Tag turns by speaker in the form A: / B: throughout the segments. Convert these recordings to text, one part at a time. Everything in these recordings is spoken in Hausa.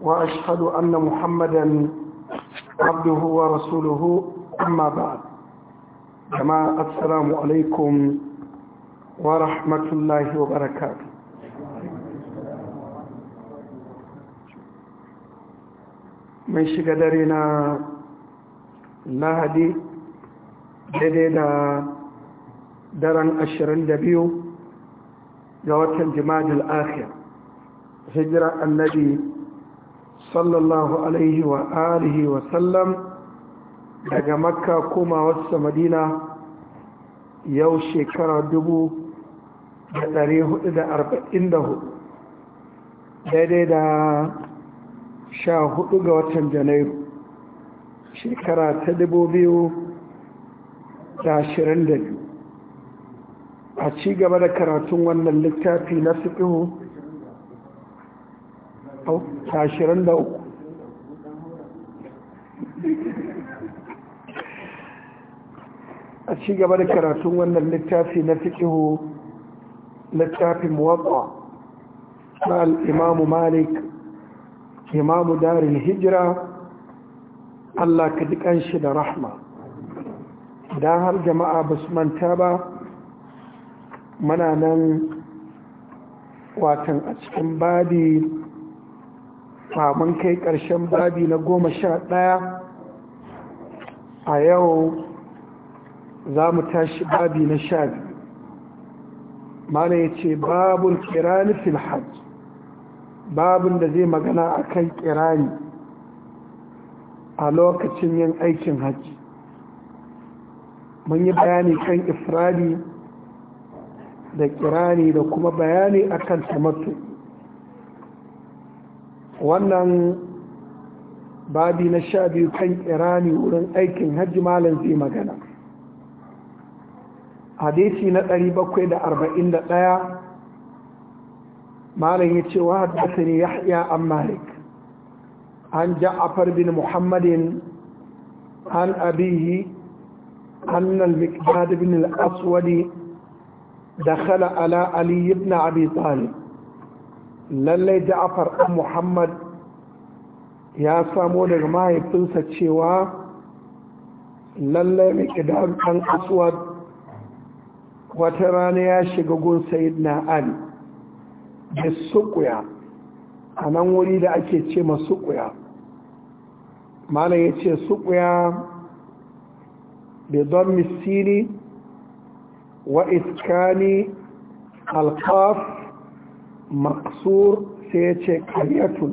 A: وأشهد أن محمدا عبده ورسوله أما بعد جماعة السلام عليكم ورحمة الله وبركاته من شقدرنا لهدي جديد درن أشرين دبيو جوات الجماد الآخر هجرة النبي sallallahu alaihi wa alihi wa sallam daga makka koma wasu madina yau shekara dubu da ɗari hudu da arba'in da hudu daidai da sha hudu ga watan janairu shekara ta dubu biyu da ashirin da biyu a ci gaba da karatun wannan littafi na fiƙihu da uku a ci gaba da karatun wannan littafi na fikihu littafin muwatsa na al'imamu malik imamu darin hijira allah ka ji shi da rahma idan har jama'a ba su manta ba mana nan watan a cikin badi mun kai ƙarshen babi na goma sha ɗaya a yau za mu tashi babi na sha biyu mana ya ce babun kirani filhaj babun da zai magana a kan kirani a lokacin yin aikin hajji mun yi bayani kan ifradi da kirani da kuma bayani akan tamattu wannan babi na sha biyu kan irani wurin aikin hajji malam zai magana hadisi na ɗaya, malam ya ce wa haddasa ne yahya an malik an ja'afar bin muhammadin an abihi An al-mikdad bin al Aswadi? dakhala ala ali ibn abi talib lallai ja'afar ɗan muhammad ya samo daga mahaifinsa cewa lallai maƙidar ɗan aswad wata rana ya shiga gun sayid na ali da suƙuya a nan wuri da ake ce ma suƙuya mana ya ce suƙuya da don misiri wa iskani alkaf maksur sai ya ce karyatun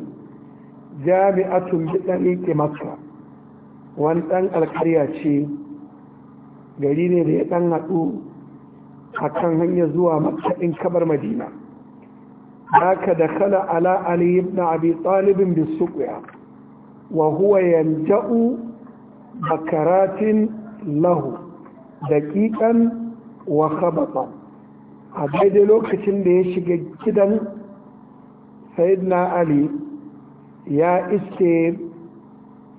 A: jami'atun biɗaɗi makka wani ɗan alkarya ce gari ne da ya ɗan haɗu a kan hanyar zuwa makaɗin kabar madina haka da kala ala ali ibn abi talibin bisuƙiya wa huwa yanja'u bakaratin lahu daƙiƙan wa khabatan a daidai lokacin da ya shiga gidan sayidina ali ya iske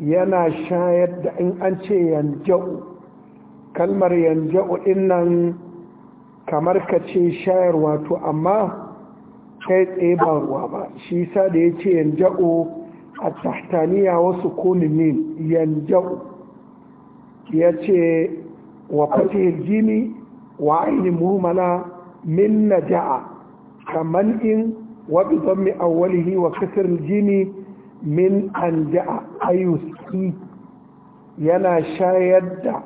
A: yana shayar da in an ce yanja'u kalmar yanja'u dinnan kamar ka ce shayar wato amma kai tsaye ba ruwa ba shi sa da ya ce yanja'u a tahtaniya wasu kuninin yanja'u ya ce wa fatihil jini wa ainihin mumala min ja'a kaman in wa bi dhammi awwalihi wa jini min anja'a ayuski yana shayar da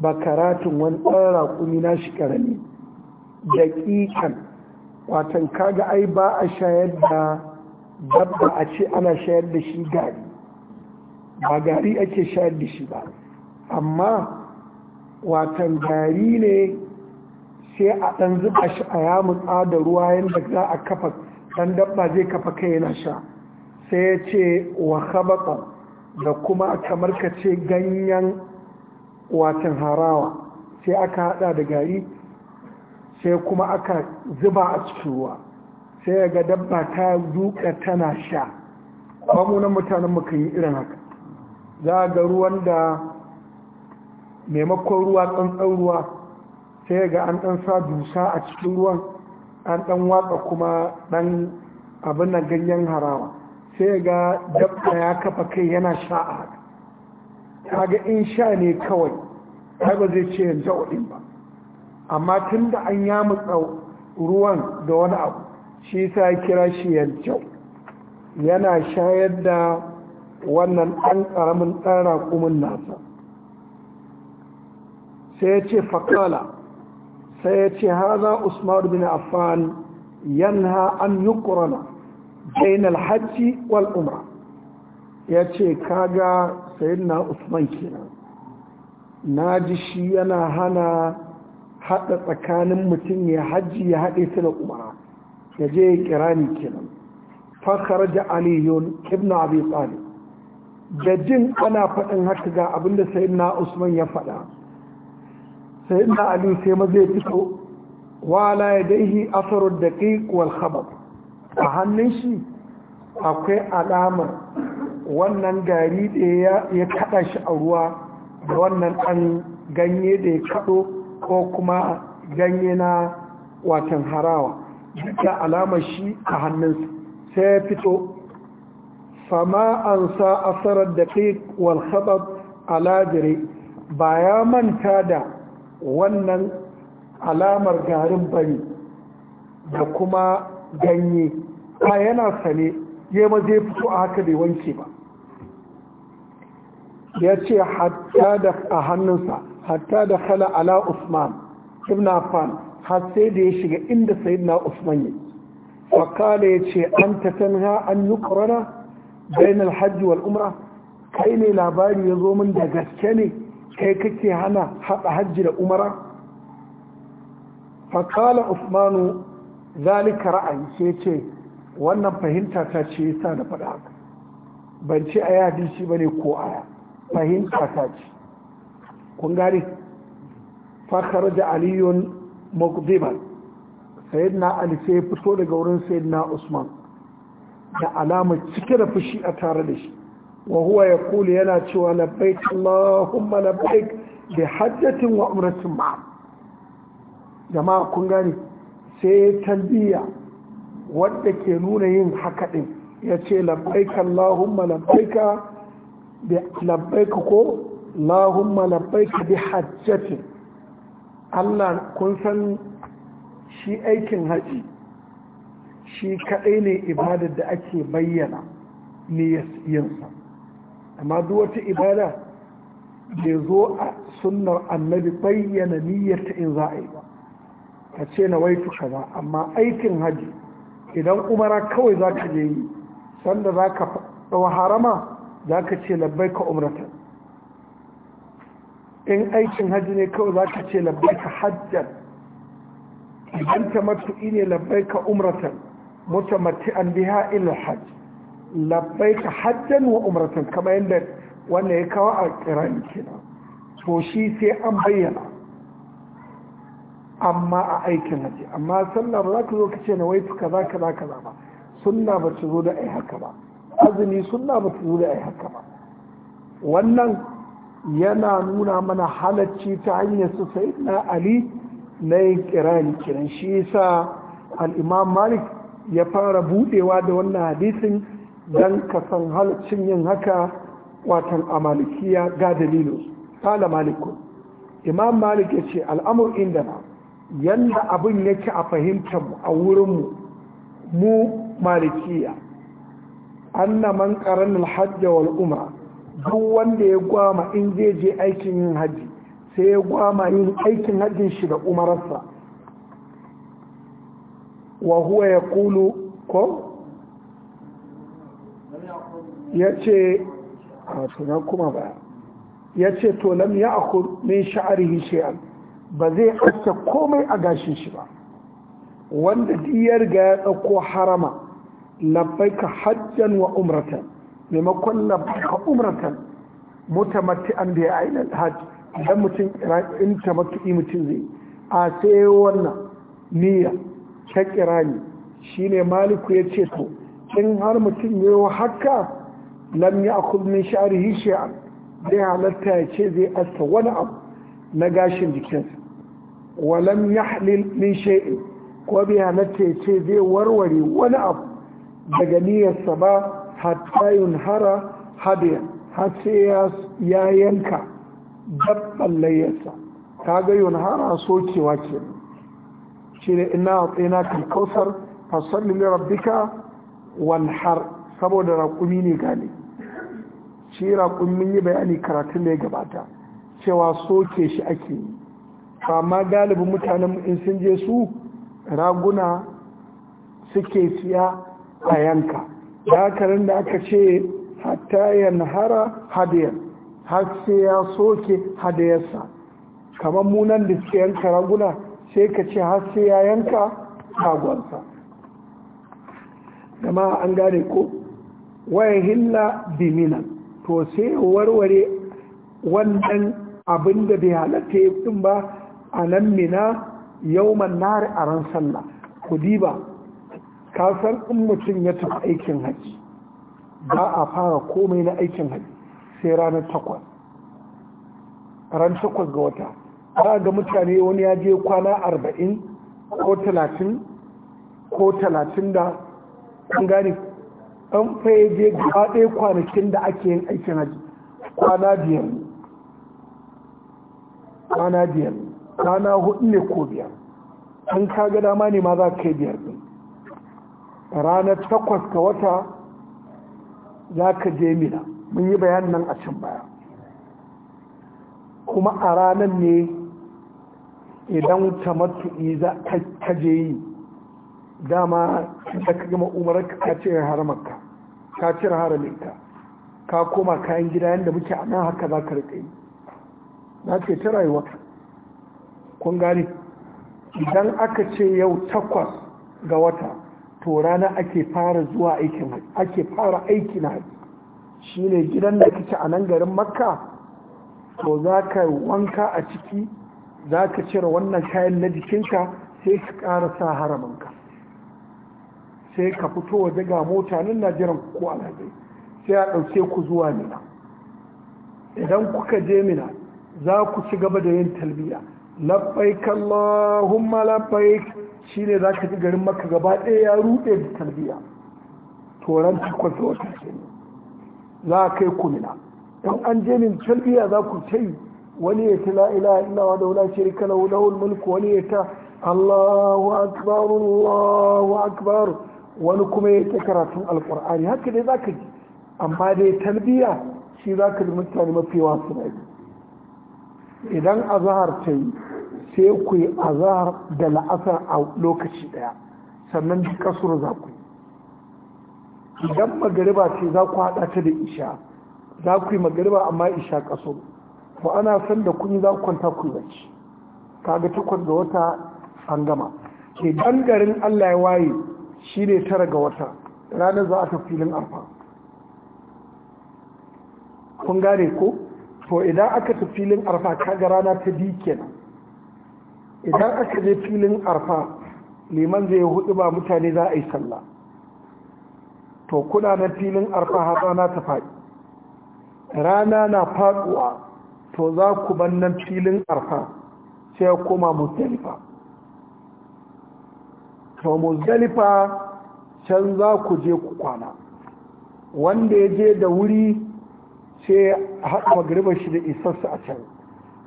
A: bakaratun wani ɗan raƙumi na shi ƙarami daƙiƙan watan kaga ai ba a shayar da dabba a ce ana shayar da shi gari ba gari ake shayar da shi ba amma watan gari ne sai a ɗan zuba shi a yamutsa da ruwa yadda za a kafa ɗan dabba zai kafa kai yana sha sai ya ce wa da kuma kamar ka ce ganyen watan harawa sai aka haɗa da gari sai kuma aka zuba a cikin ruwa sai ya ga dabba ta duka tana sha bamunan mutanen muka yi irin haka za a ga ruwan da maimakon ruwa tsantsan ruwa sai ga an ɗan sa dusa a cikin ruwan an ɗan watsa kuma ɗan abin nan ganyen harawa sai ga dabba ya kafa kai yana sha a haka kaga in sha ne kawai ai ba zai ce yanzu ɗin ba amma tun da an mutsa ruwan da wani abu shi sa kira shi yanzu yana shayar da wannan ɗan ƙaramin tsara raƙumin nasa sai ya ce faƙala sai ya ce haza usman bin affan yanha an yi ƙorana al alhaji wal umra ce kaga na usman kenan ji shi yana hana haɗa tsakanin mutum ya hajji ya haɗe su da umra ya je ni kenan fakar da aliyun ibn abu tsali da jin ana faɗin haka ga abinda na usman ya faɗa sai ina ali sai ma zai fito wala ya daihi asarar da wal khabar a hannun shi akwai alamar wannan gari da ya kada shi a ruwa da wannan ɗan ganye da ya kaɗo ko kuma ganye na watan harawa da alamar shi a hannunsa sai ya fito Sama'an an sa asarar da wal khabar ala ba ya manta da wannan alamar garin bari da kuma ganye ba yana sane ya ma zai fito a haka bai wanke ba ya ce hatta da a hannunsa hatta da kala ala usman ibn afan har sai da ya shiga inda na usman yi. fakala ya ce an ta tanha an yi ƙorana bayan hajji wal umra kai ne labari ya zo min da gaske ne kai kake hana haɗa hajji da umara fakala usmanu zalika ra'ayi sai ce wannan fahimta ta ce yasa da faɗa haka ban ce a aya ba ne ko aya fahimta ta ce kun gane fakar da aliyun mukdiman sayyidina ali sai fito daga wurin sayyidina usman da alama cike da fushi a tare da shi Wahuwa ya kuli yana cewa labbaik Allahumma labbaik bi hajjatin wa umratin jama'a kun gani sai talbiya wadda ke nuna yin haka din ya ce labbaik Allahumma labbaik bi labbaik ko Allahumma labbaik bi hajjatin Allah kun san shi aikin haji shi kadai ne ibadar da ake bayyana ne amma duk wata ibada bai zo a sunnar annabi bayyana ta in za a yi ba ka ce na waitu kaza amma aikin haji idan umara kawai za ka je yi sanda za ka ɗau harama za ka ce labbai ka umratan in aikin haji ne kawai za ka ce labbai ka hajjar, idan ta matu'i ne labbai ka umratan mutamatti an biha ila hajji ka hajjan wa umratan kamar yadda wanda ya kawo a kiran kina to shi sai an bayyana amma a aikin haji amma sannan za ka zo ka ce na waitu kaza kaza kaza ba suna ba ta zo da ai haka ba azumi suna ba ta zo da ai haka ba wannan yana nuna mana halacci ta hanyar su sai na ali na yin kiran kiran shi yasa al'imam malik ya fara budewa da wannan hadisin don ka san halaccin yin haka watan a malikiya ga dalilu kala maliku imam malik ya ce al'amur inda na yadda abin yake a fahimtar a wurinmu mu malikiya anna man karan hajja wal umra duk wanda ya gwama in zai je aikin yin hajji sai ya gwama yin aikin hajjin shi da umararsa wa huwa ya kulu ko ya ce a kuma ba ya ce to lam ya aku min sha'arihi an ba zai aske komai a gashin shi ba wanda diyar ga ya tsakko harama labbaika hajjan wa umratan maimakon labbaika umratan an da ya aina hajj idan mutum in tamattu'i mutum zai a sai wannan niyya ta kirani ne maliku ya ce to in har mutum wa haka lam ya min sha'rihi shay'an zai halatta ya ce zai asta wani abu na gashin jikinsa wa lam yahlil min shay'in ko bai halatta ya ce zai warware wani abu daga niyyarsa ba hatta hara hadiya har sai ya yanka dabban layyarsa kaga yunhara sokewa ke shi ne ina a tsina kalkausar fasalli rabbika wanhar saboda raƙumi ne gane shi raƙun yi bayani karatun da ya gabata cewa soke shi ake yi amma galibin mutanen in sun je su raguna suke siya a yanka dakarin da aka ce hatta hara hadiyar har sai ya soke hadiyarsa. kamar munan da suke yanka raguna sai ka ce har sai ya yanka ragonsa gama an gane ko wayan hilla biminan to sai warware wannan abin da bai halatta ya fi ba a nan mina na nari a ran sallah ku diba kasar in mutum ya tafi aikin haji ba a fara komai na aikin haji sai ranar takwas ran takwas ga wata ba ga mutane wani ya je kwana arba'in ko talatin ko talatin da an gane an fayyaje gaba ɗaya kwanakin da ake yin aikin haji kwana biyar kwana biyar kwana hudu ne ko biyar an kaga dama ne ma za ka kai biyar ɗin ranar takwas ka wata za ka je mina mun yi bayan nan a can baya kuma a ranar ne idan tamattu'i za ka je yi dama da ka gama umarar ka ce haramarka ka cire haraminka ka koma kayan gida yadda muke a nan haka za ka rike yi na ce ta rayuwa kun gane idan aka ce yau takwas ga wata to rana ake fara zuwa aikin hajji ake fara aikin Shi shine gidan da kike a nan garin makka to za ka wanka a ciki za ka cire wannan kayan na jikinka sai ka ƙara sa haraminka sai ka fito waje ga mota nan na jiran ko alhazai sai a ɗauke ku zuwa mina idan kuka je mina za ku ci gaba da yin talbiya labbaik allahumma labbaik shine za ka ji garin maka gaba ɗaya ya ruɗe da talbiya toron takwas wata ce za kai ku mina in an je min talbiya za ku ta wani ya ta la illa wa da shirka lahu mulku wani ya ta allahu akbar allahu akbar wani kuma ya ke karatun alkur'ani haka dai za ka ji amma dai talbiya shi za ka ji mutane mafi yawa suna yi idan azahar ta yi sai ku yi azahar da la'asar a lokaci daya sannan ji kasuru za ku yi idan magariba ce za ku haɗa ta da isha za ku yi magariba amma isha kasuru ko ana san da kun yi za ku kwanta ku yi bacci kaga takwas ga wata an gama ke garin allah ya waye shi ne tara ga wata ranar za a ta filin arfa kun gane ko to idan aka ta filin arfa kaga rana ta dike na. idan aka je filin arfa liman zai hudu ba mutane za a yi sallah to kuna na filin arfa har rana ta faɗi rana na faɗuwa to za ku ban nan filin arfa sai ya koma mutalifa to muzdalifa can za ku je ku kwana wanda ya je da wuri sai haɗa magariba shi da isassu a can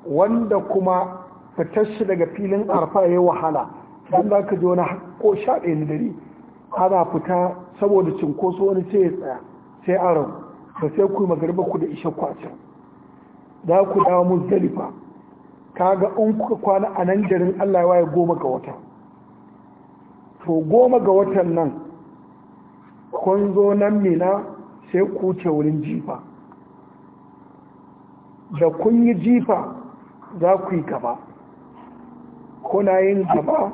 A: wanda kuma fitar shi daga filin arfa ya wahala don za ka ji wani ko sha ɗaya na dare ana fita saboda cinkoso wani ce ya tsaya sai a rau ba sai ku magariba ku da isha kwacin za ku dawo muzdalifa ga in kuka kwana a nan garin allah ya waye goma ga wata to goma ga watan nan kun zo nan mina sai ku ce wurin jifa da kun yi jifa za ku yi gaba kuna yin gaba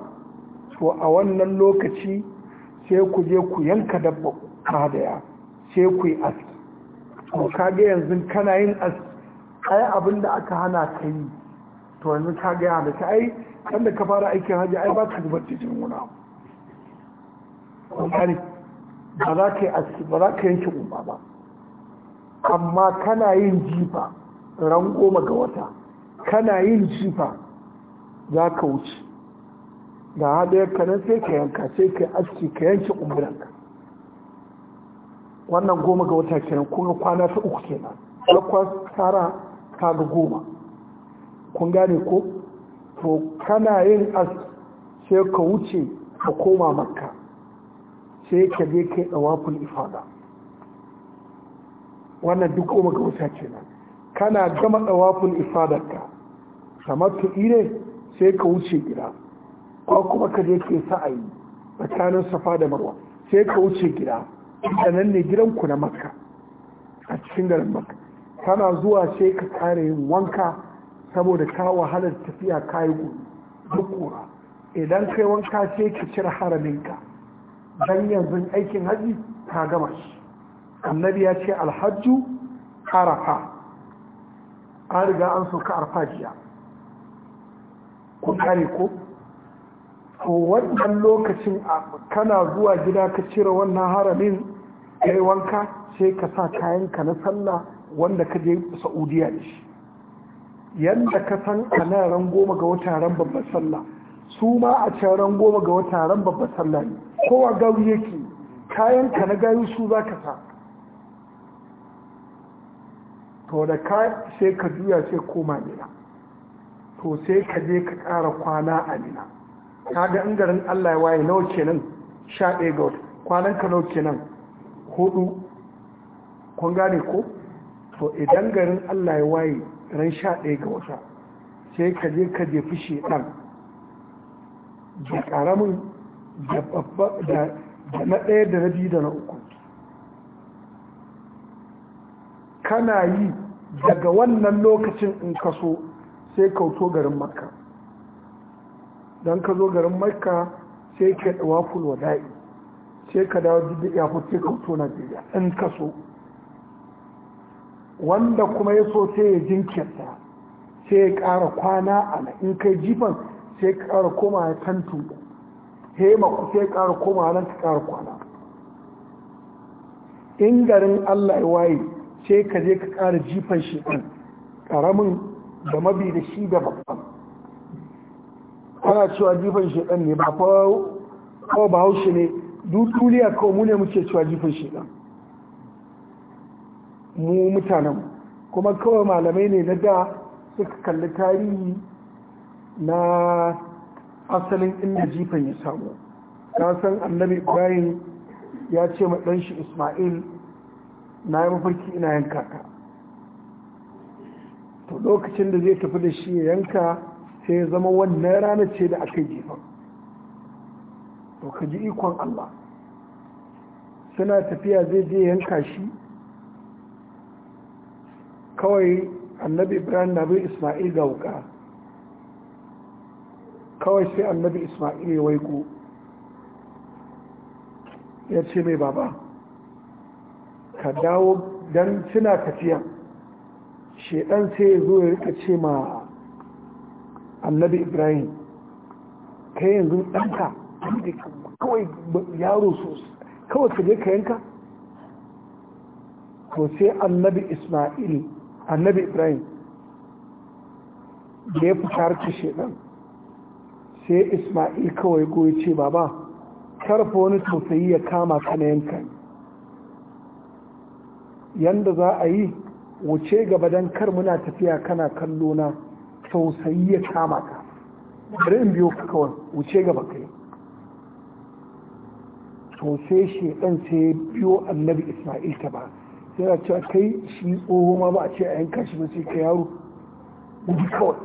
A: to a wannan lokaci sai ku je ku yanka dabba hadaya sai ku yi aski to kage yanzu kana yin aski ai abin da aka hana ka yi to yanzu kage hana ta ai kan ka fara aikin hajji ai ba ka zubar cikin wani abu ƙunƙari ba za ka yi ba za ka yanke ƙumba ba amma kana yin jifa ran goma ga wata kana yin jifa za ka wuce da haɗe ka nan sai ka yanka sai ka aski ka yanke ƙumbiranka wannan goma ga wata kenan kuma kwana ta uku kenan takwas tara ta ga goma kun gane ko to kana yin aski sai ka wuce ka koma makka sai ka je kai tsawaful ifada wannan duk kuma ga wata kenan kana gama tsawaful ifadarka kamar ta ire sai ka wuce gida ko kuma ka je kai sa'ayi tsakanin safa da marwa sai ka wuce gida da nan ne gidanku na makka a cikin garin makka kana zuwa sai ka kare yin wanka saboda ka wahalar tafiya kayi duk kura idan kai wanka sai ka cire haraminka dan yanzu aikin haji ka gama shi annabi ya ce alhajju arafa an riga an soka arfajiya kun kare ko to wannan lokacin kana zuwa gida ka cire wannan haramin kai wanka sai ka sa kayanka na sallah wanda ka je saudiya da shi yadda ka san a nan ran goma ga wata ran babbar sallah su ma a can ran goma ga wata ran babba sallah ne kowa gawi yake kayan ka na gawi su za ka sa to da ka sai ka juya sai koma nina to sai ka je ka ƙara kwana a nina ka ga in garin allah ya waye nawa kenan sha ɗaya ga wata kwanan ka nawa kenan hudu kun gane ko to idan garin allah ya waye ran sha ɗaya ga wata sai ka je ka jefi shi ɗan da karamin da babba da na ɗaya da na biyu da na uku kana yi daga wannan lokacin in ka so sai kauto garin makka don ka zo garin makka sai ka ɗawa fulwa da'i sai ka dawo duk ya fi sai kauto na biya in ka so wanda kuma ya so sai ya jinkirta sai ya ƙara kwana a in kai jifan sai ƙara koma ya tantu hema sai ƙara koma nan ka ƙara kwana in garin allah ya waye sai ka je ka ƙara jifan shi ɗan ƙaramin da mabi da shi da babban ana cewa jifan shi ɗan ne ba fa ba haushi ne duniya kawai mu ne muke cewa jifan shi ɗan mu mutanen kuma kawai malamai ne na da suka kalli tarihi na asalin inda jifan ya samu na san annabi ibrahim ya ce ma ismail na yi mafarki ina yanka ka to lokacin da zai tafi da shi ya yanka sai ya zama wannan rana ce da aka jifan to ka ji ikon allah suna tafiya zai je yanka shi kawai annabi ibrahim na bin ismail ga wuka kawai sai annabi isma'il ya waiku ya ce mai baba ka dawo don suna tafiya shaidan sai ya zo ya rika ce ma annabi ibrahim ka yanzu ɗanka kawai yaro sosai kawai ka je ka yanka to sai annabi isma'il annabi ibrahim da ya fi harci shaidan sai isma'il kawai goyi ce baba karfa wani tausayi ya kama kana yanka yanda za a yi wuce gaba don kar muna tafiya kana kallo na tausayi ya kama ka bari in biyo ka kawai wuce gaba kai tausayi shi dan sai biyo annabi isma'il ta ba sai a ce kai shi tsohon ma ba a ce a yanka shi ba sai ka yaro gudu kawai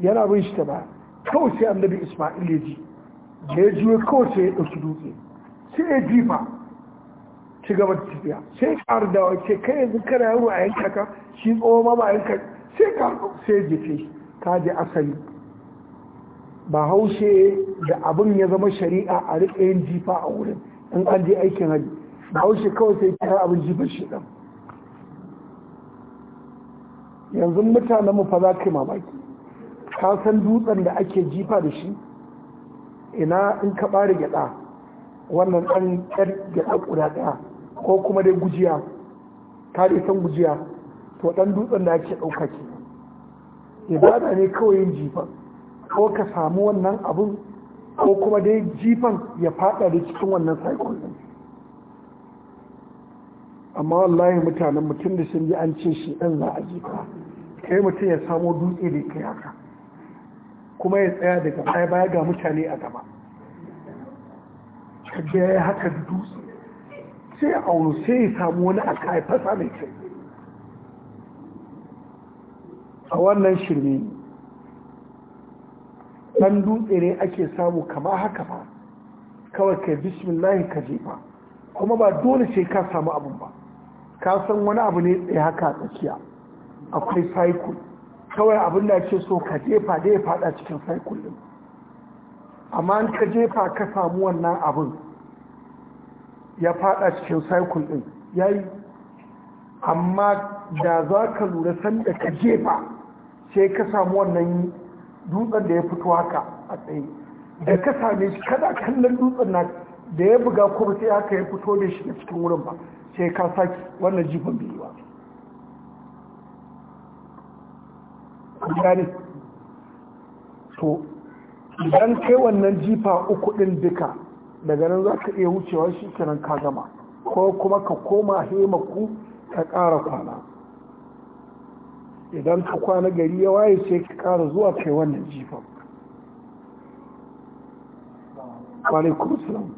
A: yana bin shi ta ba kawai sai annabi isma'il ya ji da ya ji kawai sai ya ɗauki dutse sai ya jifa ci gaba da tafiya sai ya ƙara dawa kai yanzu kana yaro a yanka ka shi tsawo ma ba yanka sai ka sai ya ce ka je asali ba haushe da abin ya zama shari'a a riƙe yin jifa a wurin in an je aikin hajji ba haushe kawai sai kira abin jifar shi ɗan yanzu mutanen mu fa za ka yi mamaki kasan dutsen da ake jifa da shi ina in ka bari gyada wannan ɗan ƙyar gyada guda ɗaya ko kuma dai gujiya ka dai san gujiya to dan dutsen da ake ɗauka ke ibada ne kawai yin jifa ko ka samu wannan abun ko kuma dai jifan ya faɗa da cikin wannan cycle din amma wallahi mutanen mutum da sun ji an ce shi ɗan za a jifa kai mutum ya samo dutse da kai haka kuma ya tsaya daga baya baya ga mutane a gaba kaga ya haka dutse sai a wani sai ya samu wani a kai fasa mai kai a wannan shirme ɗan dutse ne ake samu kama haka ba kawai kai bismillah ka jefa kuma ba dole sai ka samu abin ba ka san wani abu ne tsaye haka a tsakiya akwai cycle kawai abin da ke so ka jefa da ya fada cikin sai kullum amma an ka jefa ka samu wannan abin ya fada cikin kullum ya yi amma da za ka lura sanda ka jefa sai ka samu wannan dutsen da ya fito haka a tsaye da ka same shi kada kallon dutsen na da ya buga kuma sai haka ya fito da shi cikin wurin ba sai ka saki wannan jifin bai ba gane to idan kai wannan jifa uku ɗin duka daga nan za ka iya wucewa shi kenan ka gama ko kuma ka koma hemaku ka ƙara kwana idan ka kwana gari ya waye sai ka kara zuwa kai wannan jifan kwanaikun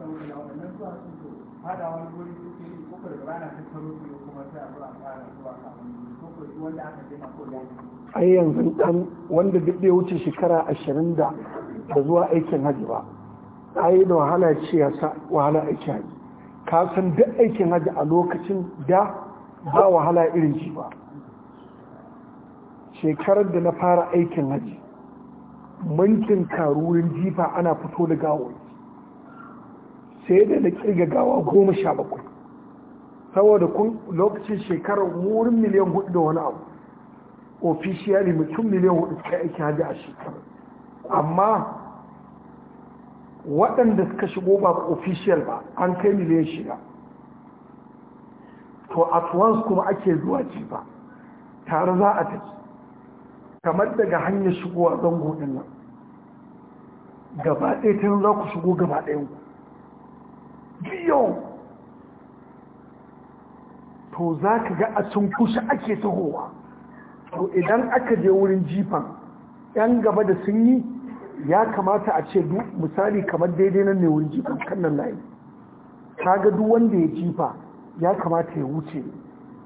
A: ai yanzu ɗan wanda duk da wuce shekara ashirin da da zuwa aikin haji ba ai da wahala ce ya sa wahala aikin haji ka san duk aikin hajji a lokacin da ba wahala irin shi ba shekarar da na fara aikin hajji mankin karurin jifa ana fito da gawo sai da na kirga gawa goma sha bakwai saboda kun lokacin shekarar wurin miliyan hudu da wani abu Ofishiyali mutum miliyan hudu suka aiki hajji a shekaru amma waɗanda suka shigo ba ofishiyal ba an kai miliyan shida to at once kuma ake zuwa ce ba tare za a tafi kamar daga hanyar shigowa zango ɗin nan gaba ɗaya ta za ku shigo gaba ɗayan ku biyan to za ka ga a cin kusa ake tahowa to idan aka je wurin jifan yan gaba da sun yi ya kamata a ce duk misali kamar daidai nan ne wurin jifan kan nan layi ga duk wanda ya jifa ya kamata ya wuce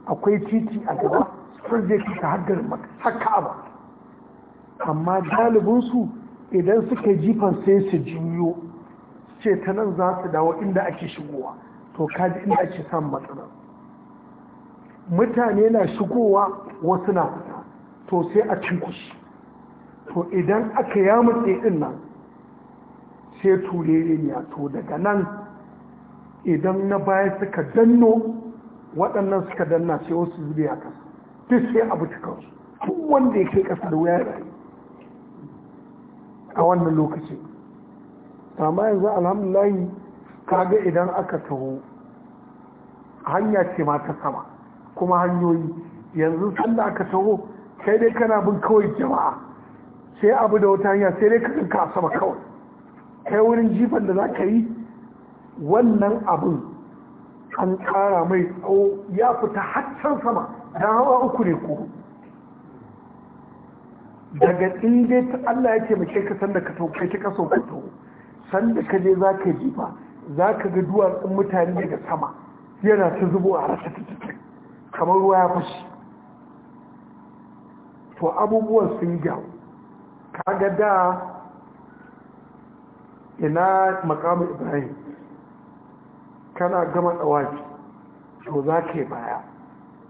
A: akwai titi a gaba sun zai kika haddar haka ba amma galibinsu idan suke jifan sai su jiyo ce ta nan za su dawo inda ake shigowa to kaji inda ake samun matsalar. mutane na shigowa wasu na to sai a cinkushi to idan aka yamutse din nan sai ture ne to daga nan idan na baya suka danno waɗannan suka danna sai wasu zube a kasa duk sai abu cikinsu su wanda ya ke kasa da wuya a wannan lokaci amma yanzu alhamdulahi kaga idan aka taho hanya ce ma ta sama kuma hanyoyi yanzu sanda aka taho kai dai kana bin kawai jama'a sai abu da wata hanya sai dai ka sama kawai kai wurin jifan da za ka yi wannan abin an kara mai tsawo ya fita haccan sama don hawa uku ne ko daga inda ta Allah ya taimake ka sanda ka kai ta kaso ka to sanda ka je za ka jifa za ka ga duwatsun mutane daga sama yana ta zubo a rasa ta kamar ruwa ya fashi to abubuwan sun gyaru kaga da ina makamu ibrahim kana gama tsawaki to za ka yi baya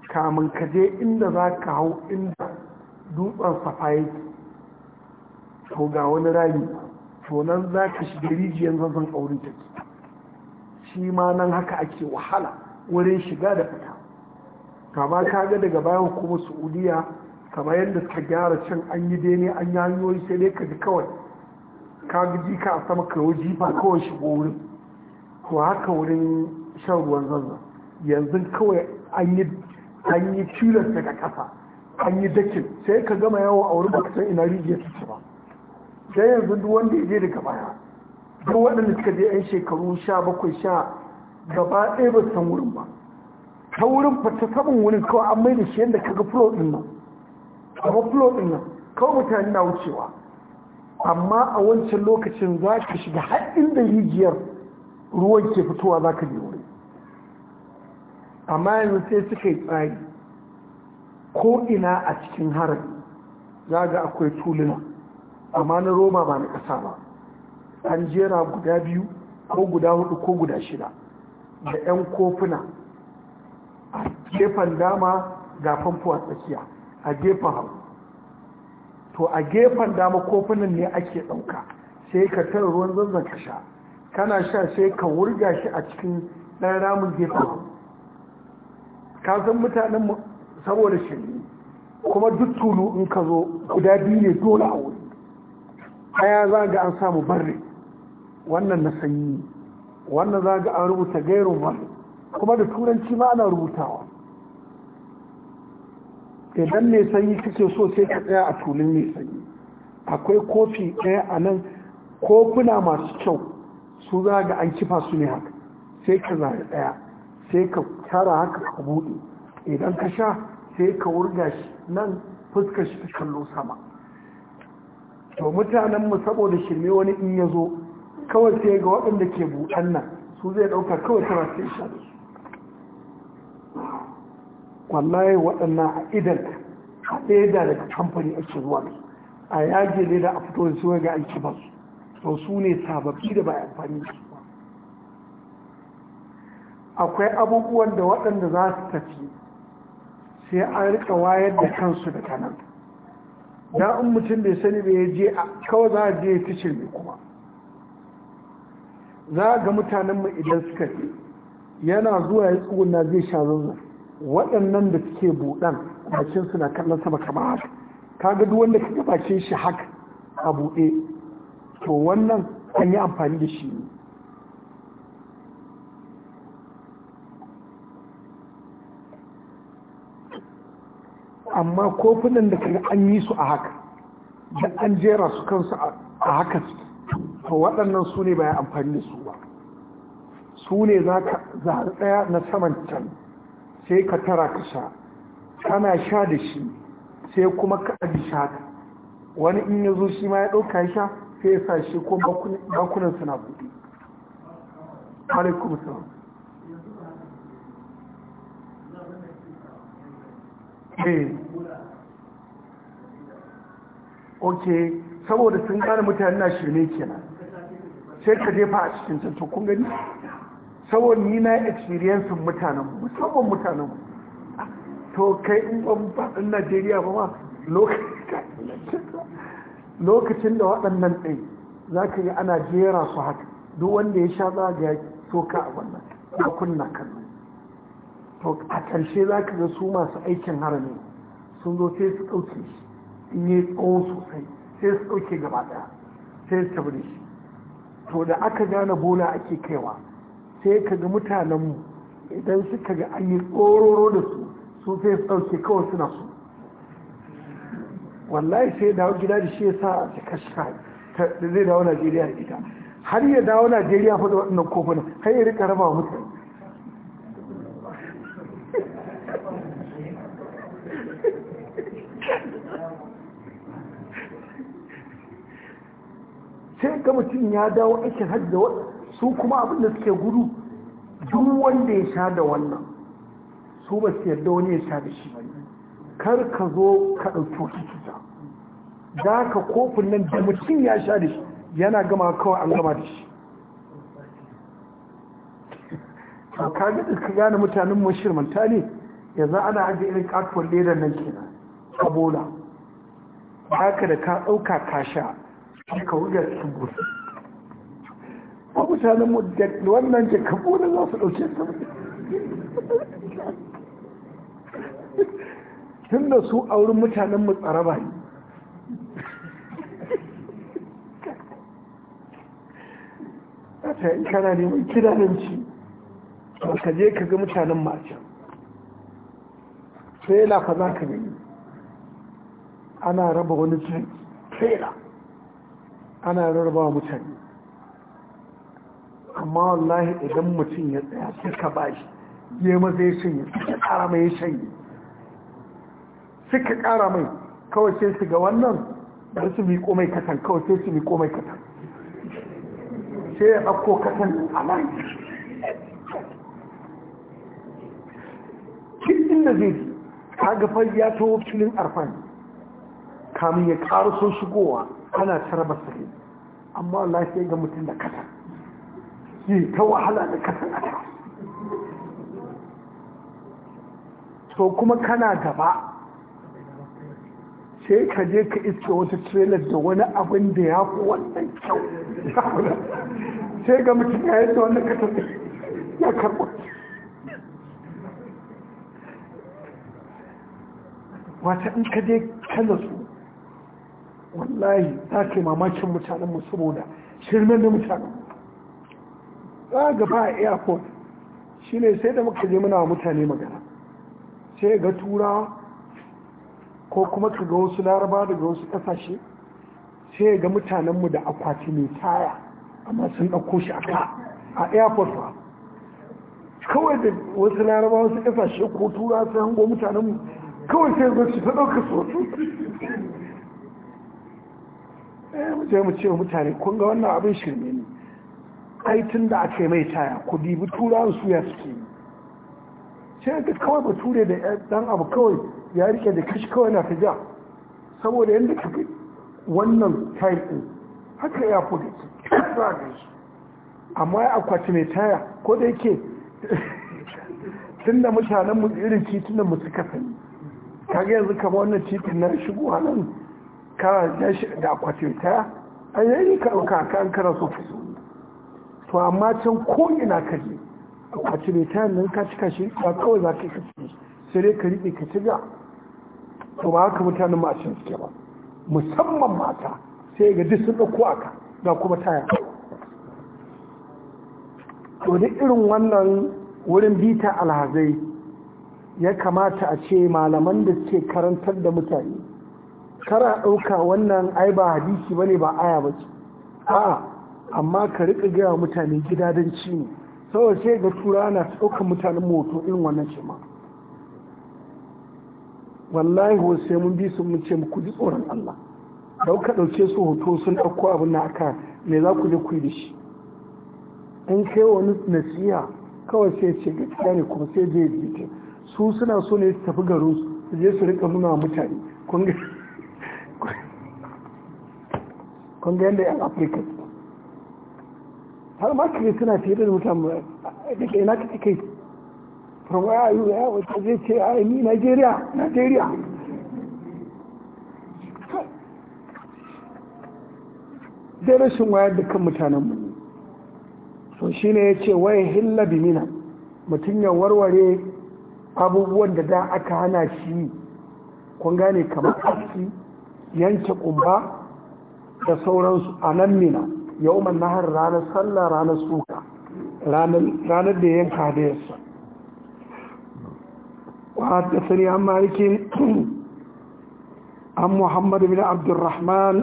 A: kamun ka je inda za ka hau inda dutsen safai to ga wani rami to nan za ka shiga rijiyar zanzan ƙaurin take shi ma nan haka ake wahala wurin shiga da fita kama kaga daga bayan hukumar saudiya kama yadda suka gyara can an yi dai an yi hanyoyi sai dai ka ji kawai ka ji ka a sama kawo jifa kawai shigo wurin to haka wurin shan ruwan zanzan yanzu kawai an yi tilas daga ƙasa an yi dakin sai ka gama yawo a wurin baka san ina rijiya take ba sai yanzu duk wanda ya je daga baya duk waɗanda suka je yan shekaru sha bakwai sha gaba ɗaya ba san wurin ba ta wurin fata samun wani kawai an mai da shi yadda kaga flow din nan kuma flow din nan kawai mutane na wucewa amma a wancan lokacin za ka shiga haɗin da rijiyar ruwan ke fitowa za ka biyu wuri amma yanzu sai suka yi tsari ko ina a cikin harin za ga akwai tuluna amma na roma ba na ƙasa ba an jera guda biyu ko guda hudu ko guda shida da 'yan kofuna A gefen dama ga famfo a tsakiya a gefen hagu to a gefen dama kofunan ne ake ɗauka sai ka tara ruwan zanzan ka sha kana sha sai ka wurga shi a cikin ɗan ramin gefen hagu ka san mutanen saboda shirme kuma duk tulu in ka zo guda biyu ne dole a wuri haya za ga an samu barre wannan na sanyi wannan za ga an rubuta gairun wani kuma da turanci ma ana rubutawa idan mai sanyi kake so sai ka tsaya a tulun mai sanyi akwai kofi ɗaya a nan kofuna masu kyau su za ga an kifa su ne haka sai ka zara ɗaya sai ka tara haka ka buɗe idan ka sha sai ka wurga shi nan fuskar shi ta kallo sama to mutanen mu saboda shirme wani in ya zo kawai sai ga waɗanda ke buɗan nan su zai ɗauka kawai tara sai sha wallahi waɗannan a idan a ɗaya da daga kamfani ake zuwa a yage ne da a fito da suwa ga aiki ba to su ne sababi da ba a amfani da su akwai abubuwan da waɗanda za su tafi sai an rika wayar da kansu da kanan da in mutum bai sani bai je a kawai za a je fice mai kuma za ga mutanenmu idan suka yana zuwa ya tsuguna zai sha zazzar waɗannan da suke buɗan bakin suna kallon sama kamar haka kaga duk wanda kaga bakin shi haka a buɗe to wannan an yi amfani da shi ne amma kofunan da kaga an yi su a haka da an jera su kansu a haka to waɗannan su ne bayan amfani da su ba su ne za ka zaɗa na saman can sai ka tara ka sha kana sha da shi sai kuma ka abi sha wani in ya zo shi ma ya ɗauka ya sha sai ya sa shi ko bakunan suna buɗe alaikum salam eh. ok saboda sun gane mutane na shirme kenan sai ka jefa a cikin can kun gani saboda ni na experience mutanen musamman mutanen to kai in ban faɗin najeriya ba ma lokacin da waɗannan ɗin za ka yi ana jera su haka duk wanda ya sha za ga soka a wannan ya kunna kan to a ƙarshe za ka ga su masu aikin harami sun zo sai su ɗauke shi in yi tsawon sosai sai su ɗauke gaba ɗaya sai su tabbata shi to da aka gane bola ake kaiwa sai ka ga mutanenmu idan suka ga an yi tsororo da su su sai sauke kawai suna su wallahi sai dawo gida da shi ya sa a cika da zai dawo najeriya da ita har ya dawo najeriya fa da waɗannan kofunan har ya rika raba mutane sai ga mutum ya dawo aikin hajji da su kuma abin da suke gudu duk wanda ya sha da wannan su ba su yadda wani ya sha da shi ba kar ka zo ka ɗauki wata cuta za ka kofin nan da mutum ya sha da shi yana gama kawai an gama da shi to da ka gane mutanen mashirmanta ne yanzu ana ajiye irin katuwar leda nan ke ka bola ba ka da ka ɗauka ka sha ka wuga cikin gudu ba mu da wannan jakabu da za su ɗauke ta tun da su a wurin mutanen mu tsaraba ne a ta yi kana neman kidananci a ka je ka ga mutanen mace tsela fa za ka yi. ana raba wani tsela ana raba wa mutane amma wallahi idan mutum ya tsaya suka ba shi ya maza ya shanye suka kara mai ya shanye suka kara mai kawai sai su ga wannan da su miƙo komai katan kawai sai su miƙo komai katan sai ya ɗauko katan a nan cikin da zai kaga fa ya taho filin arfan kamun ya ƙaraso shigowa ana tarbar sahi amma wallahi sai ga mutum da katan yi ta wahala da kasan a so kuma kana gaba sai ka je ka iske wata trailer da wani abin da ya fi wannan kyau sai ga mutum ya yadda wannan katon ya karɓo wata in ka je kala su wallahi za ka yi mamakin mutanenmu saboda shirmen da mutanenmu za ga ba airport ne sai da muka je muna mutane magana sai ga turawa ko kuma ka ga wasu laraba daga wasu kasashe sai ga mutanenmu da akwati mai taya amma sun ɗauko shi a a airport ba kawai da wasu laraba wasu kasashe ko tura sai hango mutanenmu kawai sai ga shi ta ɗauka sosu eh mu mu ce mutane kun ga wannan abin shirme ne ai tun da aka yi mai taya ku dibi turawan ya suke sai ga kawai ture da dan abu kawai ya rike da kashi kawai na fija saboda yadda ka fi wannan tayar haka ya fi da gaci amma ya akwati mai taya ko da yake tun da mutanen mu irin titunan mu suka sani kaga yanzu kama wannan titin na shigo a nan ka da akwati mai taya an yi ka an kara so fi so to amma can ko ina ka je a cire ta ka cika shi ba kawai za ka yi kashi? sai dai ka riɗe ka ciga to ba haka mutanen ma a can suke ba musamman mata sai ga duk sun ɗauko aka ga kuma taya to duk irin wannan wurin bita alhazai ya kamata a ce malaman da suke karantar da mutane kara ɗauka wannan ai ba hadisi ne ba aya ba ce a'a amma ka riƙa gaya mutane gida don ci ne saboda sai ga tura na ɗaukar mutanen moto irin wannan ce ma wallahi ho sai mun bi su mun ce ku ji tsoron Allah da ka ɗauke su hoto sun ɗauko abin na aka me za ku je ku yi da shi in kai wani nasiha kawai sai ce gaskiya ne kuma sai je yi su suna so ne su tafi garin su je su riƙa nuna mutane kun ga yadda yan afirka har ma suna fiye da mutum eh, da ke ina kai kai from where are you ya eh, wata zai ce a ah, ni nigeria nigeria zai rashin wayar da kan mutanen mu so ne ya ce waye hilla bimina mutum ya warware abubuwan da da aka hana shi kun gane kamar aski yanke kumba da sauransu a nan mina يوم النهر رانا صلى رانا سوكا رانا رانا دين كاديس وحدثني عن مالكين عن محمد بن عبد الرحمن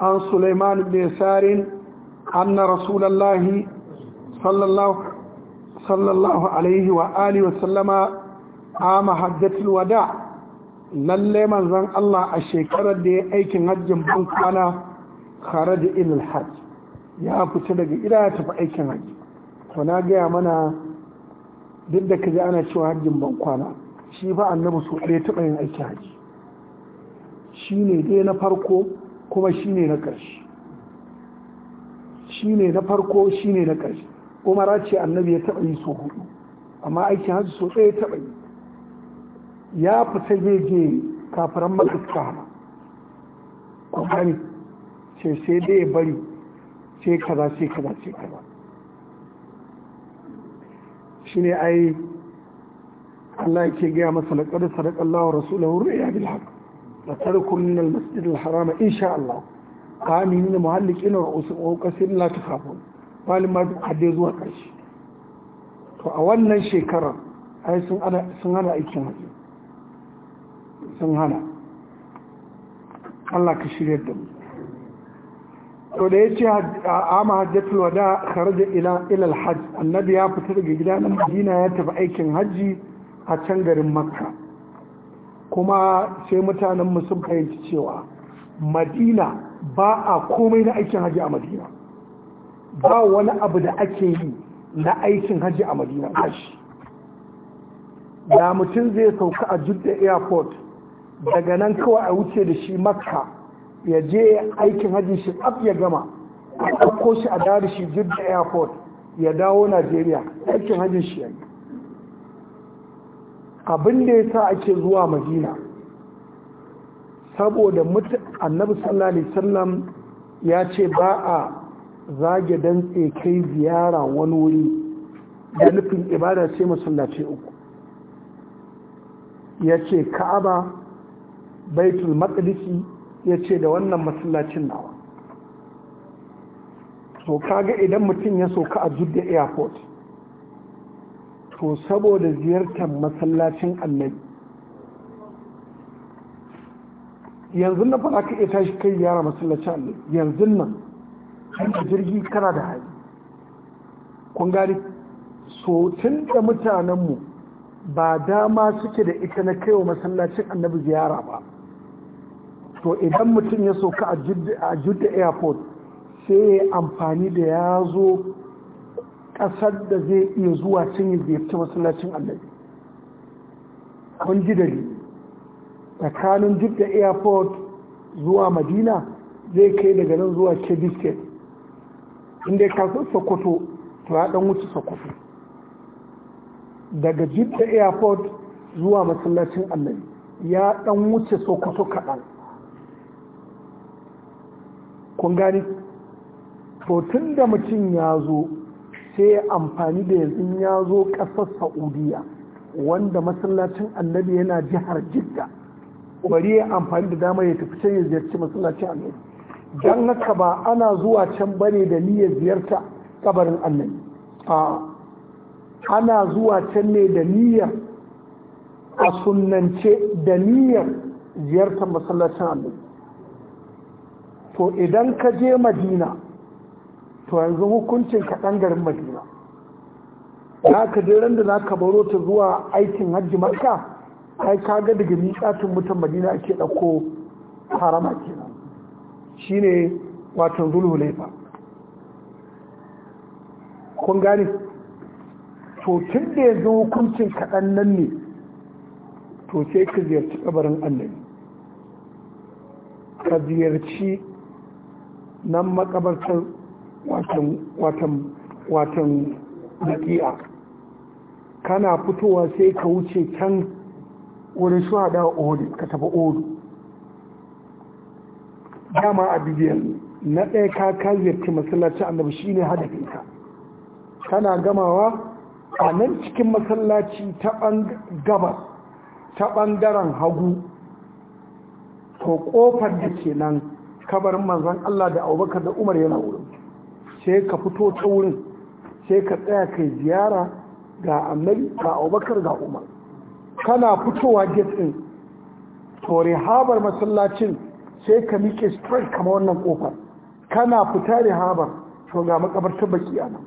A: عن سليمان بن يسار أن رسول الله صلى الله صلى الله عليه وآله وسلم عام حجة الوداع lalle manzon Allah a shekarar da ya aikin hajjin bankwana kare da ilil ya fita daga gida ya tafi aikin haji to na gaya mana duk da ka ji ana cewa hajjin ban kwana shi ba annabi su ɗaya taɓa yin aikin haji shi ne ɗaya na farko kuma shi ne na ƙarshe shi ne na farko shi ne na ƙarshe umara ce annabi ya taɓa yi so hudu amma aikin hajji so ɗaya taɓa yi ya fita je kafiran maka suka kuma kuma ce sai dai ya bari sai kaza sai kaza sai kaza shi ne ai Allah yake gaya masa laƙar sadaƙa Allah wa Rasulahu ya bil haqq la tarkum min al masjid al harama insha Allah qamin muhalliqin muhallikin wa qasir la takhafun malum ma duk hadde zuwa ƙarshe to a wannan shekarar ai sun ana sun hana aikin haji sun hana Allah ka shirya da mu to da ya ce ama hajjatul wada kharaja ila ilal hajj annabi ya fita daga gida na madina ya tafi aikin hajji a can garin makka kuma sai mutanen sun fahimci cewa madina ba a komai na aikin hajji a madina ba wani abu da ake yi na aikin hajji a madina kashi da mutum zai sauka a judda airport daga nan kawai a wuce da shi makka ya je aikin hajji shi ab ya gama a ɗauko shi a dari shi da airport ya dawo najeriya aikin hajji shi yayi abin da ya sa ake zuwa madina saboda annabi sallallahu alaihi wasallam ya ce ba a zage dantse kai ziyara wani wuri da nufin ibada ce masallaci uku ya ce ka'aba baitul maqdisi ya ce da wannan masallacin nawa to kaga idan mutum ya soka a jidda airport to saboda ziyartar masallacin annabi yanzu na fara ka iya tashi kai yara masallacin annabi yanzu nan hanyar jirgi kana da hali kun gari so tun da mutanenmu ba dama suke da ita na kaiwa masallacin annabi ziyara ba to idan mutum ya soka a jidda airport sai ya amfani da ya zo ƙasar da zai iya zuwa can ya ziyarci masallacin annabi kun ji dari tsakanin jidda airport zuwa madina zai kai daga nan zuwa kebbi state inda ya kasar sokoto to ya dan wuce sokoto daga jidda airport zuwa masallacin annabi ya dan wuce sokoto kaɗan kun gani to tun da mutum ya zo sai amfani da yanzu ya zo ƙasar saudiya wanda masallacin annabi yana jihar jidda wari ya amfani da dama ya tafi can ya ziyarci masallacin annabi don haka ba ana zuwa can bane da niyyar ziyarta kabarin annabi ana zuwa can ne da niyyar a sunance da niyyar ziyartar masallacin annabi to idan ka je madina to yanzu hukuncin ka ɗan garin madina za ka je ran da za ka baro ta zuwa aikin hajji makka ai ka ga daga miƙatin mutan madina ake ɗauko harama kenan shine watan laifa kun gane to tun da yanzu hukuncin kaɗan nan ne to sai ka ziyarci kabarin annabi ka ziyarci nan makabartar watan watan kana fitowa sai ka wuce can wurin wa odu ka tafi odu dama a bibiyar na ɗaya ka kayyarci masallaci annabi shi ne hadafinka kana gamawa a nan cikin masallaci ta gaba ta ɓangaren hagu to ƙofar da ke nan kabarin manzan Allah da abubakar da umar yana wurin sai ka fito ta wurin sai ka tsaya kai ziyara ga annabi ga abubakar ga umar kana fitowa gefin tori habar masallacin sai ka miƙe straight kama wannan kofar kana fita da habar to ga makabartar baki a nan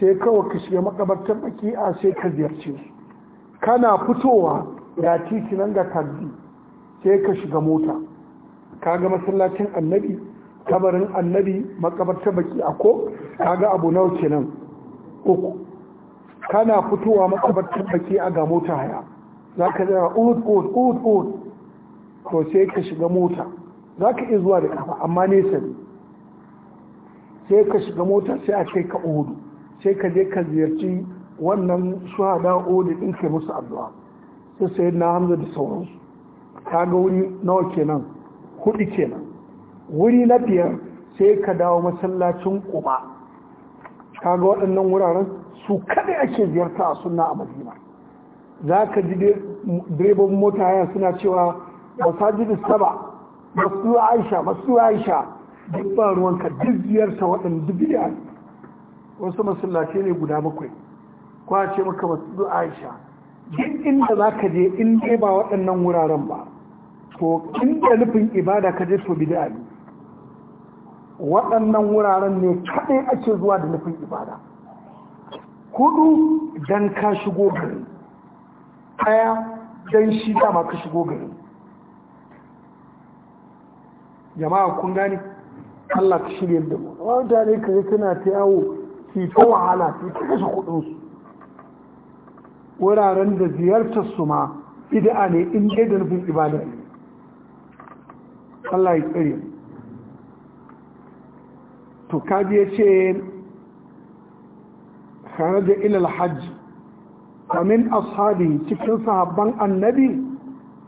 A: sai kawai ka shiga makabartar baki a sai ka ziyarce kana fitowa ga titi nan ga tarbi sai ka shiga mota kaga masallacin annabi kabarin annabi makabarta baki a ko ka abu nawa kenan uku kana fitowa makabartar baki a ga mota haya za ka zara ut ut ut ut to sai ka shiga mota za ka iya zuwa da kafa amma nesa ne sai ka shiga mota sai a kai ka uhudu sai ka je ka ziyarci wannan shuhada uhudu din kai musu addu'a sai sai na hamza da sauransu ga wuri nawa kenan hudu kenan wuri na biyar sai ka dawo masallacin Ka ga waɗannan wuraren su kaɗai ake ziyarta a suna a madina za ka ji direban mota haya suna cewa masajidus saba masu aisha masu aisha duk ba ruwanka duk ziyarta waɗanda duk biya wasu masallaci ne guda bakwai kwace maka masu aisha duk inda za ka je in dai ba waɗannan wuraren ba to inda nufin ibada ka je to bid'a ne waɗannan wuraren ne kaɗai ake zuwa da nufin ibada hudu don ka shigo gari ɗaya don shi dama ka shigo gari jama'a kun gani Allah ka shirya da mu wanda ne ka yi tana ta yawo su ta wahala su ta kashe kudinsu wuraren da ziyartar su ma bid'a ne in dai da nufin ibada ne Allah ya tsire to kaji ya ce kharaja ila hajji. kamin ashabi cikin sahabban annabi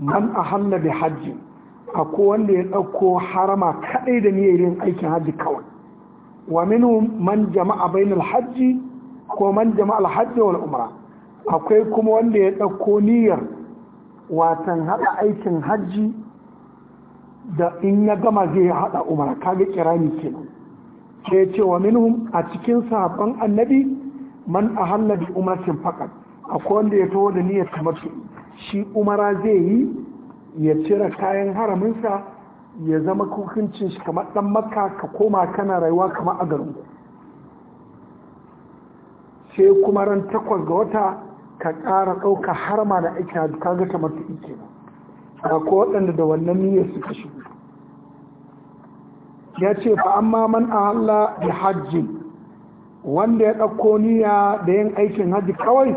A: man ahalla bi hajji akwai wanda ya ɗauko harama kaɗai da niyyar yin aikin hajji kawai wa minu man jama'a bainal hajji ko man jama'a alhajji wal umra akwai kuma wanda ya ɗauko niyyar watan haɗa aikin hajji da in ya gama zai haɗa umar kaga kirani kenan ke cewa minhum a cikin sabon annabi man a umar umarcin fakat akwai wanda ya taho da niyyar kamar shi umara zai yi ya cire kayan haraminsa ya zama hukuncin shi kamar dan makka ka koma kana rayuwa kamar a garin sai kuma ran takwas ga wata ka ƙara ɗauka harma da ake kaga kamar ta ike ba ko waɗanda da wannan niyyar suka shigo ya ce fa amma man a Allah da hajji wanda ya ɗauko niyya da yin aikin hajji kawai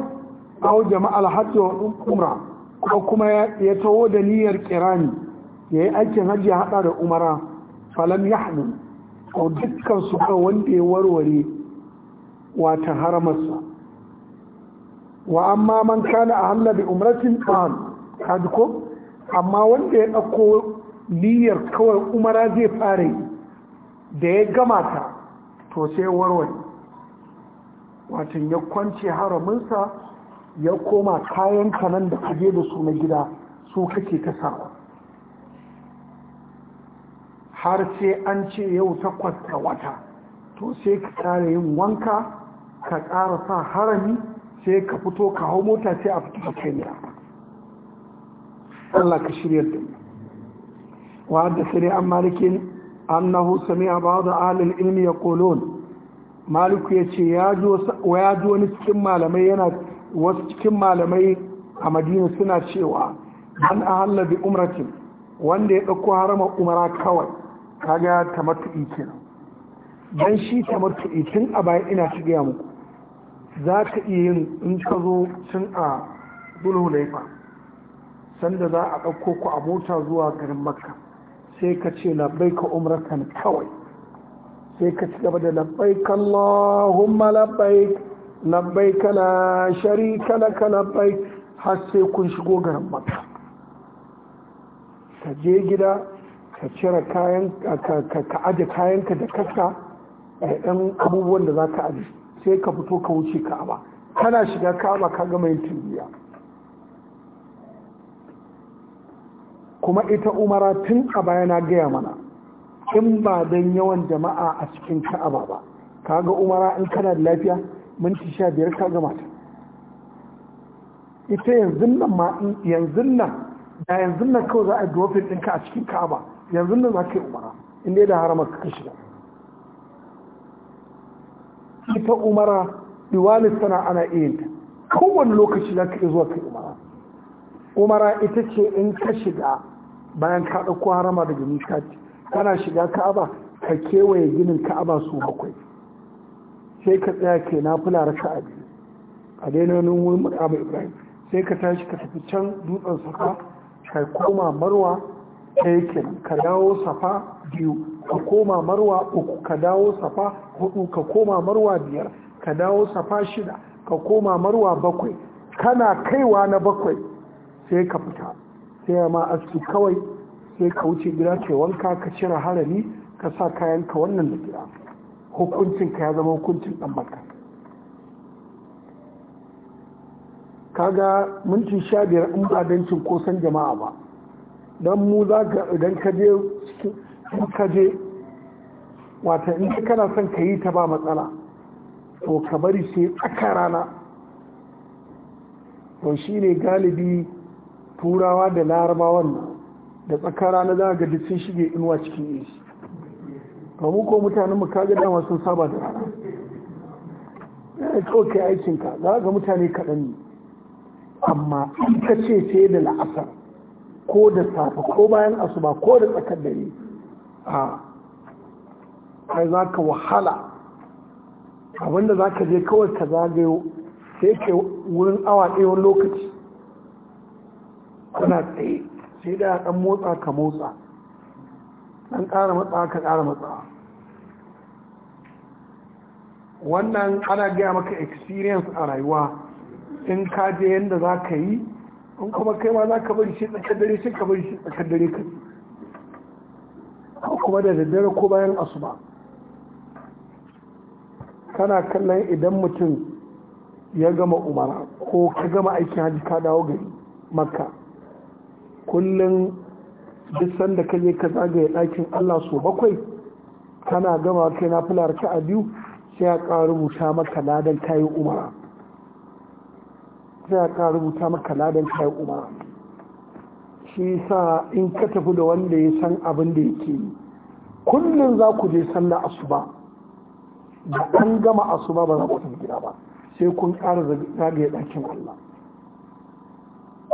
A: au jama'al hajji wa umra ko kuma ya taho da niyyar kirani ya yi aikin hajji hada haɗa da umara falam ya hannu ko dukkan su kan wanda ya warware wata haramarsa wa amma man kana a bi umratin ƙan ko amma wanda ya ɗauko niyyar kawai umara zai fara da ya gama ta to sai warware watan ya kwance haraminsa ya koma kayan kanan da kaje da su na gida su kake ta sawa har sai an ce yau takwas ga wata to sai ka tsara yin wanka ka tsara sa harami sai ka fito ka hau mota sai a fito ka kai Allah ka shirya da wa da sani an malikin annahu sami'a ba'd ahlil ilmi yaqulun maliku ya ce ya ji wani cikin malamai yana wasu cikin malamai a Madina suna cewa an ahalla bi umratin wanda ya dauko harama umara kawai kaga tamattu'i kenan dan shi tamattu'i tun a baya ina shiga muku za ka iya yin in ka zo tun a zulhulaifa sanda za a ɗauko ku a mota zuwa garin makka sai ka ce ka umrakan kawai sai ka ci gaba da labbaika Allahumma labbaik kala shari kala ka labbaik har sai kun shigo garin makka ka je gida ka cire kayan ka aje kayanka da kasa eh, ɗan abubuwan da za ka aje sai ka fito ka wuce ka'aba kana shiga ka'aba ka gama yin tumbiya kuma ita umara tun a baya na gaya mana in ba don yawan jama'a a cikin ka'aba ba kaga umara in kana da lafiya minti sha biyar ka gama ta ita yanzu nan ma yanzu nan da yanzu nan kawai za a yi dofin ɗinka a cikin ka'aba yanzu nan za ka yi umara inda da harama ka shiga ita umara diwalis tana ana iya ta kowane lokaci za ka iya zuwa ka umara umara ita ce in ka shiga bayan ka ɗauko harama daga mikati kana shiga ka'aba ka kewaye ginin ka'aba su bakwai sai ka tsaya ke na fula raka a biyu a dainonin wurin ibrahim sai ka tashi ka tafi can dutsen safa ka koma marwa ta yake ka dawo safa biyu ka koma marwa uku ka dawo safa hudu ka koma marwa biyar ka dawo safa shida ka koma marwa bakwai kana kaiwa na bakwai sai ka fita sai ma aski kawai sai ka wuce gida ke wanka ka cire harami ka sa kayan ka wannan da gida hukuncin ka ya zama hukuncin dan baka kaga minti sha biyar in ba jama'a ba don mu za ka idan ka je in ka je wata in ka kana son ka yi ta ba matsala to ka bari sai tsaka rana to shi ne galibi turawa da larabawan da tsakara na za ga sun shige inuwa cikin yesu kamu ko mutanenmu ga dama sun saba da rana ya eh, tsoke aikinka za ga mutane kaɗan ne amma in ka ce ce da la'asar ko da safa ko bayan asuba ko da tsakar dare a kai za ka wahala abinda za ka je kawai ka zagayo sai ke wurin awa ɗaya lokaci kana tsaye sai da ɗan motsa ka motsa ɗan ƙara matsa ka ƙara matsa wannan ana gaya maka experience a rayuwa in ka je yadda za ka yi in kuma kai ma za ka bari shi tsakar dare shi ka bari shi tsakar dare ka kuma da daddare ko bayan asuba kana kallon idan mutum ya gama umara ko ka gama aikin hajji ka dawo gari makka kullum duk sanda ka je ka zagaye ɗakin Allah so bakwai kana gama kai na fula raka a biyu sai ya ƙara rubuta maka ladan yi umara sai ya ƙara rubuta maka ladan yi umara shi sa in ka tafi da wanda ya san abin da yake yi kullum za ku je sallah asuba da an gama asuba ba za ku tafi gida ba sai kun ƙara zagaye ɗakin Allah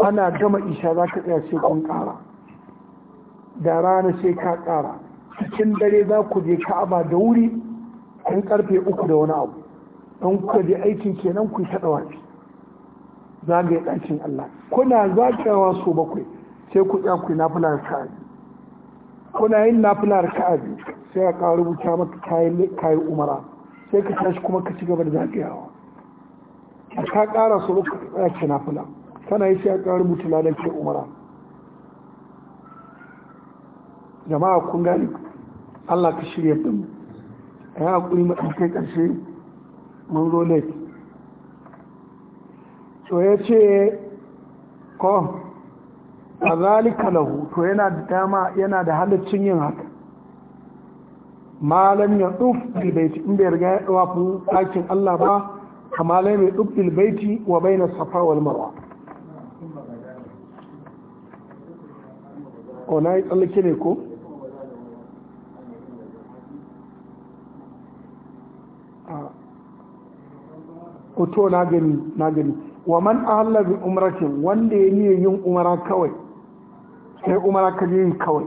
A: ana gama isha za ka tsaya sai kun ƙara da rana sai ka kara cikin dare za ku je ka'aba da wuri kan karfe uku da wani abu don kuka je aikin kenan ku yi ta ga yi ɗakin Allah kuna yawa so bakwai sai ku tsaya ku yi nafilar ka'abi kuna yin nafilar ka'abi sai a ƙara rubuta maka kayan umara sai ka tashi kuma ka ci gaba da zagayawa ka ƙara so bakwai ka tsaya ke nafilar tana yi siya ƙarar ƙara rubuta ladan umara jama'a kun gani Allah ka shirya ɗin a yi haƙuri maɗin kai ƙarshe mun zo laifi to ya ce ko a zalika lahu to yana da dama yana da halaccin yin haka malam ya ɗuf bilbaiti in bai riga ya ɗawa ɗakin Allah ba kamalai mai ɗuf tsuf bilbaiti wa bai na safa wal marwa ko na yi tsallake ne ko a na gani na gani wa man a bi wanda ya niyan yin umara kawai sai umara ka yi kawai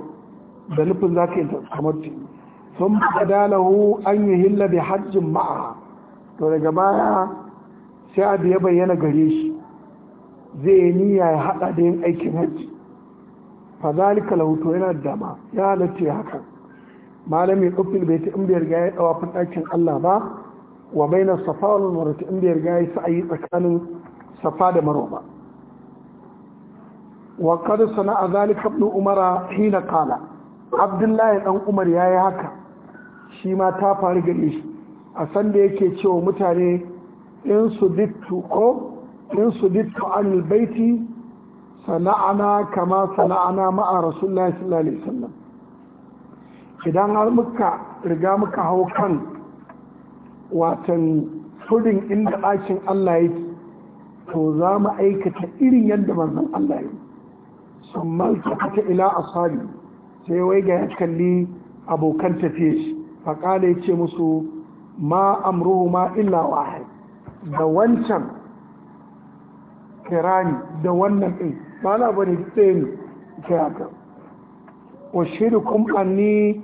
A: da nufin za ka yi samarci sun bada lahu an yi hilla da hajjin ma'a to daga baya sai abu ya bayyana gare shi zai niyya ya haɗa da yin aikin hajji fa zalika lahu to yana da dama ya halatta haka malamin ƙufin bai ta in bai riga ya dawa fa ɗakin Allah ba wa baina safa wal marwa in bai riga ya sa'i tsakanin safa da marwa ba wa qad sana'a zalika ibn umara hina qala abdullahi dan umar yayi haka shi ma ta faru gare shi a san da yake cewa mutane in su dittu ko in su dittu an baiti sana'ana kama sana'ana ma'a rasulullahi sallallahu alaihi wasallam idan har muka riga muka hau kan watan tudin inda ɗakin Allah yake to za mu aikata irin yadda manzon Allah yake sun malta ila ashabi sai wai ga ya kalli abokan tafiye shi faƙala ya ce musu ma amruhu ma illa wahai da wancan kirani da wannan ɗin ba na bane tsaye ne ke haka wa shirin kuma ni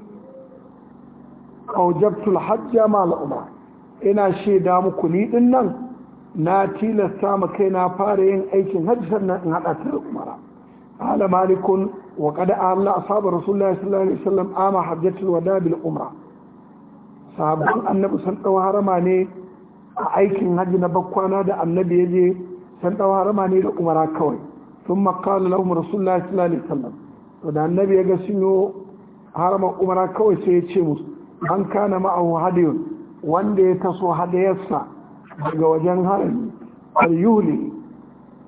A: kaujabtul hajja mal'umma ina shaida muku ni din nan na tilasta ma kai na fara yin aikin hajji sannan in hada ta umara ala malikun wa qad amla ashab rasulullahi sallallahu alaihi wasallam ama hajjatul wada bil umra sahabban annabi san dawo harama ne a aikin hajji na bakwana da annabi yaje san dawo harama ne da umara kawai sun قال لهم رسول الله sallam to da annabi ya ga يغا سنو haramar عمره kawai sai ya ce musu an kana ma'ahu hadiyun wanda ya taso hadayarsa daga wajen harin alyuli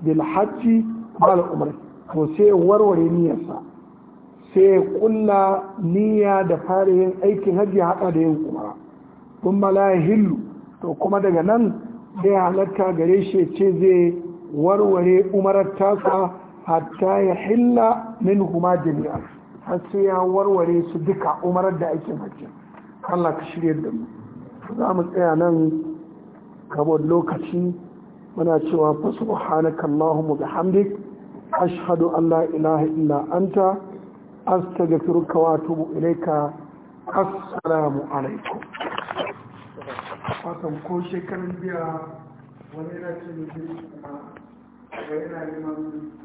A: bil hajji ba umra to sai warware niyarsa sai ya kulla niyya da fara yin aikin hajji hada da yin umara sun malaye hillu to kuma daga nan sai halatta gare shi ya ce zai warware umarar tasa hatta ya hilla min huma jami'a har sai ya warware su duka umarar da aikin hajji Allah ka shirya da mu za mu tsaya nan kamar lokaci muna cewa fa subhanaka allahumma bihamdik ashhadu an la ilaha illa anta astaghfiruka wa atubu ilaika assalamu alaikum fatan ko shekarun biya wani ce 回来了吗？